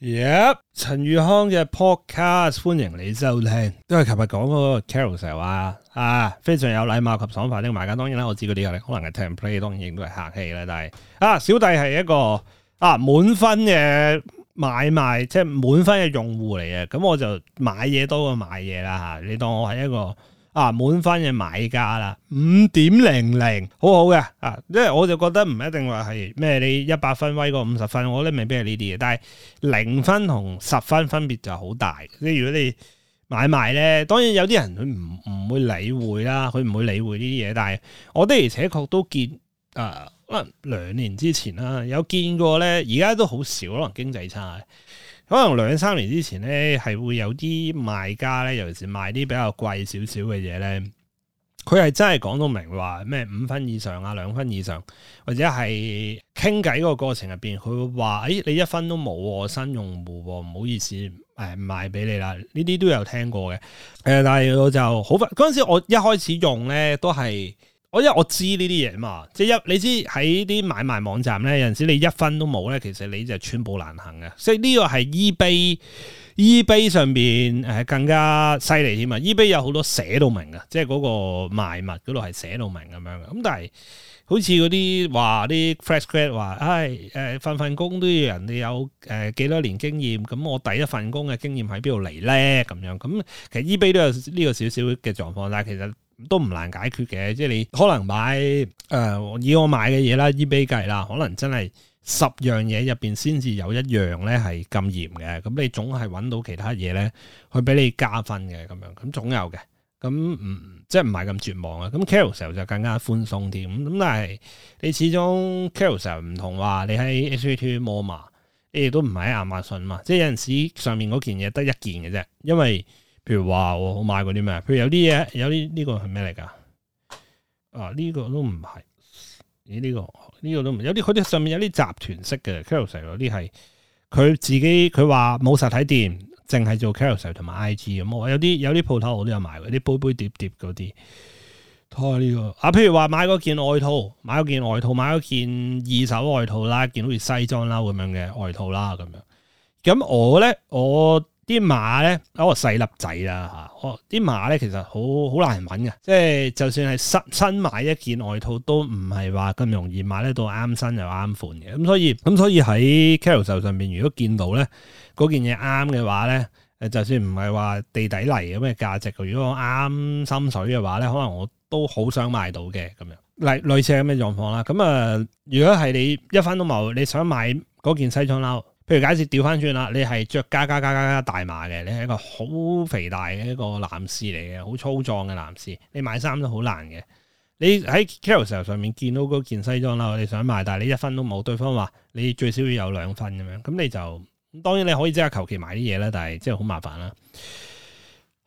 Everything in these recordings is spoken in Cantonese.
Yep，陳宇康嘅 podcast，歡迎你收聽。因為琴日講嗰個 carousel 啊，非常有禮貌及爽快嘅買家。當然啦，我知嗰啲可能係 template，當然亦都係客氣啦。但係啊，小弟係一個啊滿分嘅買賣，即係滿分嘅用戶嚟嘅。咁我就買嘢多過賣嘢啦吓。你當我係一個。啊，滿分嘅買家啦，五點零零，好好嘅啊！即係我就覺得唔一定話係咩，你一百分威過五十分，我咧未必係呢啲嘢。但係零分同十分分別就好大。即、就、係、是、如果你買賣咧，當然有啲人佢唔唔會理會啦，佢唔會理會呢啲嘢。但係我的而且確都見啊，可能兩年之前啦、啊，有見過咧，而家都好少，可能經濟差、啊。可能兩三年之前咧，係會有啲賣家咧，尤其是賣啲比較貴少少嘅嘢咧，佢係真係講到明話咩五分以上啊，兩分以上，或者係傾偈個過程入邊，佢會話：誒、哎，你一分都冇，我新用戶，唔好意思，誒，唔賣俾你啦。呢啲都有聽過嘅。誒、呃，但係我就好快，嗰陣時我一開始用咧都係。我因為我知呢啲嘢嘛，即係一你知喺啲買賣網站咧，有陣時你一分都冇咧，其實你就寸步難行嘅。所以呢個係 eBay，eBay 上邊誒更加犀利添啊！eBay 有好多寫到明啊，即係嗰個賣物嗰度係寫到明咁樣嘅。咁但係好似嗰啲話啲 fresh grad 話，唉誒，份份，哎呃，工都要人哋有誒、呃、幾多年經驗，咁我第一份工嘅經驗喺邊度嚟咧？咁樣咁其實 eBay 都有呢個少少嘅狀況，但係其實。都唔難解決嘅，即係你可能買誒、呃、以我買嘅嘢啦，eBay 計啦，可能真係十樣嘢入邊先至有一樣咧係咁嚴嘅，咁你總係揾到其他嘢咧去俾你加分嘅咁樣，咁總有嘅，咁唔、嗯、即係唔係咁絕望啊？咁 Carol 就更加寬鬆啲咁，咁但係你始終 Carol 唔同話你喺 HVT Mama，你亦都唔係喺亞馬遜嘛，即係有陣時上面嗰件嘢得一件嘅啫，因為。譬如話我買過啲咩？譬如有啲嘢，有啲呢、這個係咩嚟噶？啊，呢、這個都唔係，咦、欸？呢、這個呢、這個都唔有啲，佢啲上面有啲集團式嘅 Carousel，有啲係佢自己，佢話冇實體店，淨係做 Carousel 同埋 IG 咁。我有啲有啲鋪頭我都有買，啲杯杯碟碟嗰啲。睇下呢個啊，譬如話買嗰件外套，買嗰件外套，買嗰件二手外套啦，件好似西裝啦咁樣嘅外套啦咁樣。咁我咧，我。啲馬咧嗰個細粒仔啦嚇，哦，啲馬咧其實好好難揾嘅，即係就算係新新買一件外套都唔係話咁容易買得到啱身又啱款嘅，咁、嗯、所以咁所以喺 Carousell 上面，如果見到咧嗰件嘢啱嘅話咧，誒就算唔係話地底泥咁嘅價值，如果啱心水嘅話咧，可能我都好想買到嘅咁樣，類類似咁嘅狀況啦。咁、嗯、啊，如果係你一分都冇，你想買嗰件西裝褸？譬如假設調翻轉啦，你係着加加加加加大碼嘅，你係一個好肥大嘅一個男士嚟嘅，好粗壯嘅男士。你買衫都好難嘅。你喺 Carousell 上面見到嗰件西裝啦，你想買，但係你一分都冇。對方話你最少要有兩分咁樣，咁你就當然你可以即刻求其買啲嘢啦，但係即係好麻煩啦。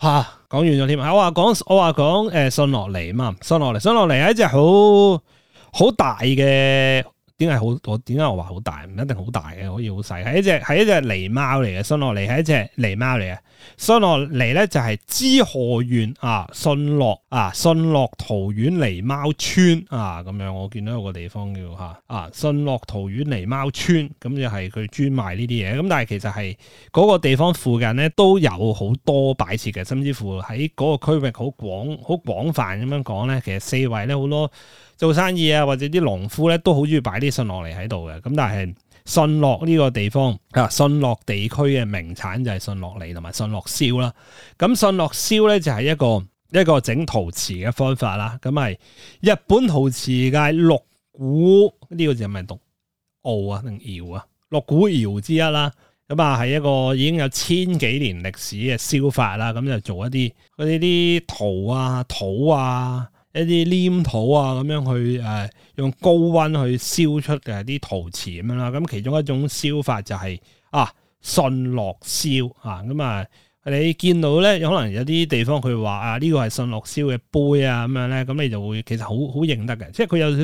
吓、啊，講完咗添我話講我話講誒信落嚟啊嘛，信落嚟，信落嚟係一隻好好大嘅。點解好？我點解我話好大？唔一定好大嘅，可以好細。係一隻係一隻狸貓嚟嘅，信樂嚟係一隻狸貓嚟嘅。信樂嚟咧就係知河縣啊，信樂啊，信樂桃園狸貓村啊咁樣。我見到有個地方叫吓啊，信樂桃園狸貓村，咁就係佢專賣呢啲嘢。咁但係其實係嗰個地方附近咧都有好多擺設嘅，甚至乎喺嗰個區域好廣、好廣泛咁樣講咧。其實四圍咧好多。做生意啊，或者啲農夫咧，都好中意擺啲信樂狸喺度嘅。咁但係信樂呢個地方啊，信樂地區嘅名產就係信樂狸同埋信樂燒啦。咁、嗯、信樂燒咧就係、是、一個一個整陶瓷嘅方法啦。咁係日本陶瓷界六古呢、呢個字係咪讀奧啊定窯啊？六古窯之一啦。咁啊係一個已經有千幾年歷史嘅燒法啦。咁就做一啲嗰啲啲陶啊土啊。一啲黏土啊，咁樣去誒、呃、用高溫去燒出嘅啲陶瓷咁樣啦。咁其中一種燒法就係、是、啊信樂燒啊咁啊，你見到咧，有可能有啲地方佢話啊呢個係信樂燒嘅杯啊咁樣咧，咁你就會其實好好認得嘅，即係佢有少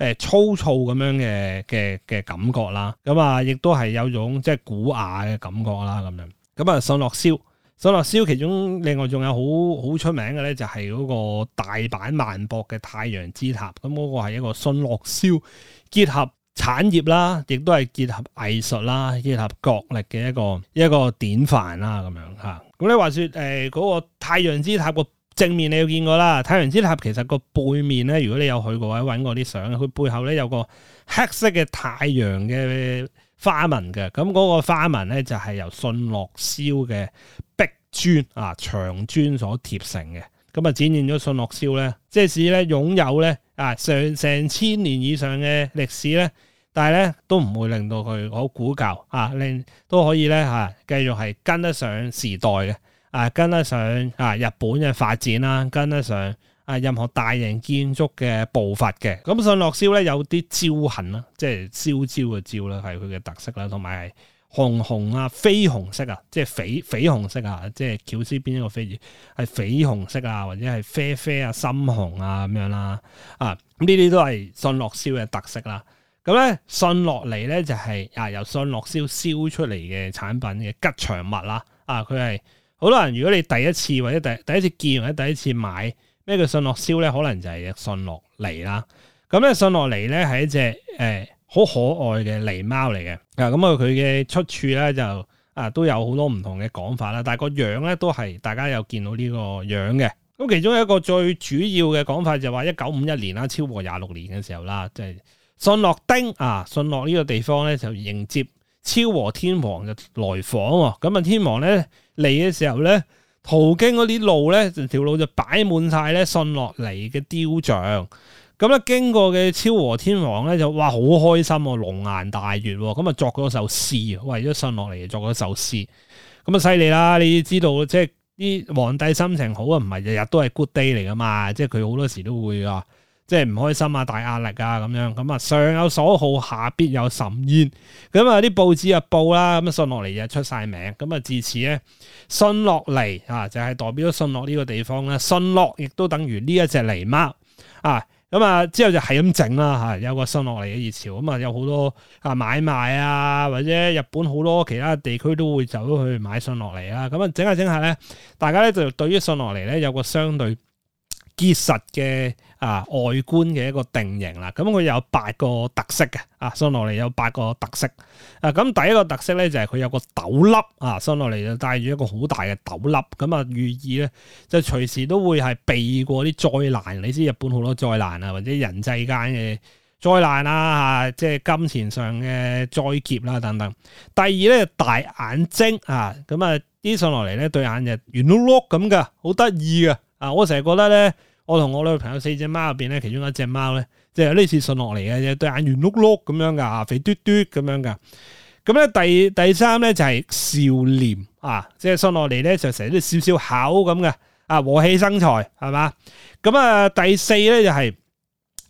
少誒粗糙咁樣嘅嘅嘅感覺啦。咁啊，亦都係有種即係古雅嘅感覺啦咁樣。咁啊，信樂燒。信樂燒其中另外仲有好好出名嘅咧，就係嗰個大阪萬博嘅太陽之塔。咁、那、嗰個係一個信樂燒結合產業啦，亦都係結合藝術啦，結合國力嘅一個一個典範啦，咁樣嚇。咁你話説誒嗰個太陽之塔個正面你有見過啦，太陽之塔其實個背面咧，如果你有去過或者揾過啲相，佢背後咧有個黑色嘅太陽嘅。花紋嘅，咁、那、嗰個花紋咧就係、是、由信樂燒嘅壁磚啊牆磚所貼成嘅，咁啊展現咗信樂燒咧，即使咧擁有咧啊上成千年以上嘅歷史咧，但係咧都唔會令到佢好古舊啊，令都可以咧啊繼續係跟得上時代嘅啊，跟得上啊日本嘅發展啦、啊，跟得上。啊！任何大型建築嘅步伐嘅咁，信樂燒咧有啲焦痕啦，即係燒焦嘅焦啦，係佢嘅特色啦，同埋係紅紅啊、飛紅色啊，即係緋緋紅色啊，即係巧思邊一個飛字，係緋紅色啊，或者係啡啡啊、深紅啊咁樣啦，啊咁呢啲都係信樂燒嘅特色啦。咁、啊、咧信樂狸咧就係、是、啊由信樂燒，燒燒出嚟嘅產品嘅吉祥物啦。啊，佢係好多人如果你第一次或者第第一次見或者第一次買。個樂燒呢係信樂燒咧，可能就係信樂狸啦。咁、嗯、咧，信樂狸咧係一隻誒好可愛嘅狸貓嚟嘅。啊，咁啊，佢嘅出處咧就啊都有好多唔同嘅講法啦。但係個樣咧都係大家有見到呢個樣嘅。咁、嗯、其中一個最主要嘅講法就係話一九五一年啦，昭和廿六年嘅時候啦，即、就、係、是、信樂町。啊，信樂呢個地方咧就迎接昭和天皇嘅來訪。咁啊，天皇咧嚟嘅時候咧。途經嗰啲路咧，條路就擺滿晒咧信落嚟嘅雕像，咁、嗯、咧經過嘅昭和天皇咧就哇好開心喎、啊，龍顏大悅、啊，咁、嗯、啊作咗首詩，為咗信落嚟作咗首詩，咁啊犀利啦！你知道即係啲皇帝心情好啊，唔係日日都係 good day 嚟噶嘛，即係佢好多時都會啊。即係唔開心啊，大壓力啊，咁樣咁啊，上有所好，下必有甚焉。咁啊，啲報紙啊報啦，咁啊信樂狸就出晒名。咁啊，自此咧，信樂狸啊，就係、是、代表咗信樂呢個地方啦。信樂亦都等於呢一隻狸貓啊。咁啊，之後就係咁整啦。吓、啊，有個信樂狸嘅熱潮，咁啊，有好多啊買賣啊，或者日本好多其他地區都會走去買信樂狸啦。咁啊，整下整下咧，大家咧就對於信樂狸咧有個相對。結實嘅啊外觀嘅一個定型啦，咁佢有八個特色嘅，啊上落嚟有八個特色，啊咁、啊、第一個特色咧就係、是、佢有個斗笠啊，上落嚟就帶住一個好大嘅斗笠，咁啊寓意咧就隨時都會係避過啲災難，你知日本好多災難啊，或者人際間嘅災難啊，啊即係金錢上嘅災劫啦、啊、等等。第二咧大眼睛啊，咁啊啲上落嚟咧對眼就圓碌碌咁嘅，好得意嘅，啊我成日覺得咧。我同我女朋友四隻貓入邊咧，其中一隻貓咧，即係呢次信落嚟嘅，就是、對眼圓碌碌咁樣噶，啊，肥嘟嘟咁樣噶。咁、嗯、咧，第第三咧就係笑臉，啊，即係信落嚟咧就成日啲笑笑口咁嘅，啊，和氣生財係嘛？咁啊、嗯，第四咧就係、是、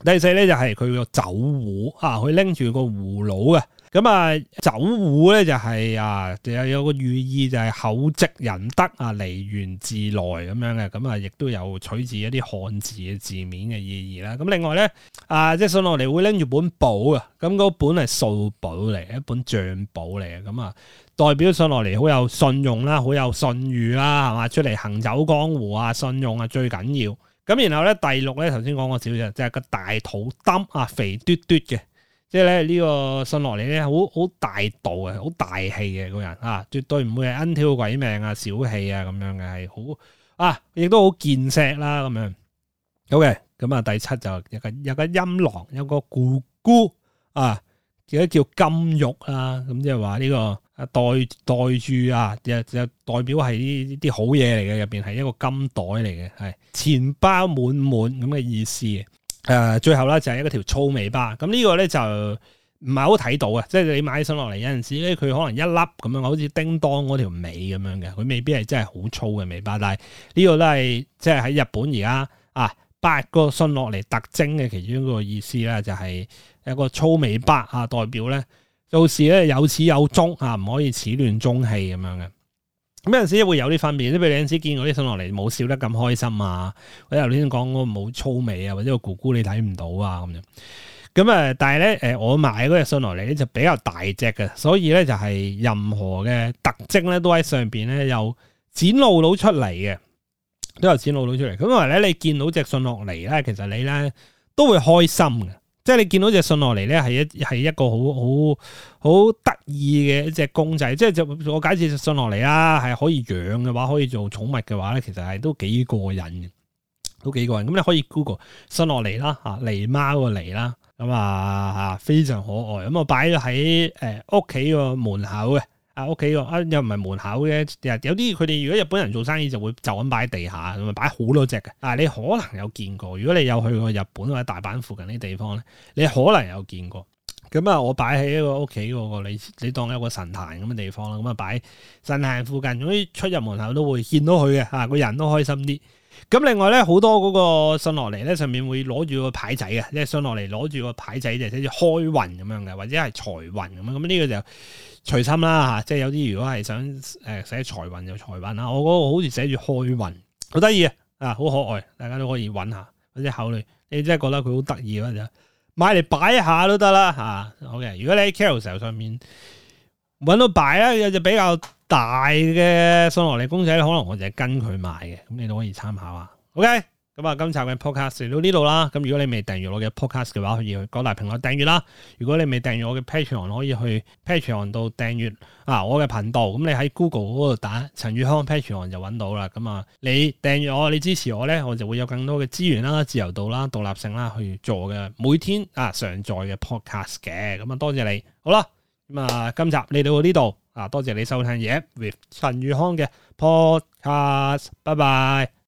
第四咧就係佢個酒壺啊，佢拎住個葫蘆嘅。咁啊、嗯，酒壺咧就係、是、啊，有有個寓意就係厚積仁德啊，嚟遠自來咁樣嘅。咁啊，亦都有取自一啲漢字嘅字面嘅意義啦。咁、啊、另外咧，啊即係信落嚟會拎住本簿嘅，咁、啊、嗰本係數簿嚟、啊，一本帳簿嚟嘅。咁啊，代表信落嚟好有信用啦，好有信譽啦，係嘛？出嚟行走江湖啊，信用啊最緊要。咁、啊、然後咧，第六咧頭先講過少少，就係、是、個大肚墩啊，肥嘟嘟嘅。即係咧，呢個信落嚟咧，好好大度嘅，好大氣嘅個人啊，絕對唔會係奀挑鬼命啊、小氣啊咁樣嘅，係好啊，亦都好見識啦咁樣。好嘅，咁啊，第七就是、有一個有一個陰囊，有個咕咕啊，亦都叫金玉啊，咁即係話呢個啊代代住啊，就就代表係呢啲好嘢嚟嘅，入邊係一個金袋嚟嘅，係錢包滿滿咁嘅意思。誒，最後咧就係一條粗尾巴，咁呢個咧就唔係好睇到啊。即係你買上落嚟有陣時咧，佢可能一粒咁樣，好似叮當嗰條尾咁樣嘅，佢未必係真係好粗嘅尾巴。但係呢個都係即係喺日本而家啊八個信落嚟特徵嘅其中一個意思咧，就係一個粗尾巴啊，代表咧做事咧有始有終啊，唔可以始亂終棄咁樣嘅。咁有陣時會有啲分別，即係譬如有陣時見到啲信樂狸冇笑得咁開心啊！我頭先講嗰冇粗尾啊，或者個咕咕你睇唔到啊咁樣。咁啊，但係咧誒，我買嗰隻信樂狸咧就比較大隻嘅，所以咧就係任何嘅特徵咧都喺上邊咧有展露到出嚟嘅，都有展露到出嚟。咁同埋咧，你見到隻信樂狸咧，其實你咧都會開心嘅。即係你見到隻信落嚟咧，係一係一個好好好得意嘅一隻公仔，即係就我解釋就信落嚟啦，係可以養嘅話，可以做寵物嘅話咧，其實係都幾過癮，都幾過癮。咁你可以 Google 信落嚟啦，吓狸貓嘅狸啦，咁啊吓、啊、非常可愛。咁我擺喺誒屋企個門口嘅。啊屋企個啊又唔係門口嘅，啊，有啲佢哋如果日本人做生意就會就咁擺地下，同埋擺好多隻嘅。啊，你可能有見過，如果你有去過日本或者大阪附近啲地方咧，你可能有見過。咁啊、嗯，我擺喺一個屋企嗰個你你當一個神壇咁嘅地方啦。咁、嗯、啊，擺神壇附近，所以出入門口都會見到佢嘅吓，個、啊、人都開心啲。咁、啊、另外咧，好多嗰個信落嚟咧，上面會攞住個牌仔嘅，即係信落嚟攞住個牌仔就寫住開運咁樣嘅，或者係財運咁樣。咁、嗯、呢、這個就隨心啦吓、啊，即係有啲如果係想誒寫財運就財運啦。我嗰個好似寫住開運，好得意啊，啊好可愛，大家都可以搵下或者考慮。你真係覺得佢好得意嘅就。買嚟擺一下都得啦吓，好嘅。如果你喺 Carousell 上面搵到擺啦，有隻比較大嘅送和利公仔，可能我就係跟佢買嘅，咁你都可以參考啊。OK。咁啊，今集嘅 podcast 嚟到呢度啦。咁如果你未訂閱我嘅 podcast 嘅話，可以去各大平台訂閱啦。如果你未訂閱我嘅 Patreon 可以去 Patreon 度訂閱啊。我嘅頻道，咁、啊、你喺 Google 嗰度打陳宇康 Patreon 就揾到啦。咁啊，你訂閱我，你支持我咧，我就會有更多嘅資源啦、自由度啦、獨立性啦去做嘅每天啊上載嘅 podcast 嘅。咁啊，多謝你，好啦。咁啊，今集嚟到呢度啊，多謝你收聽嘢 with 陳宇康嘅 podcast。拜拜。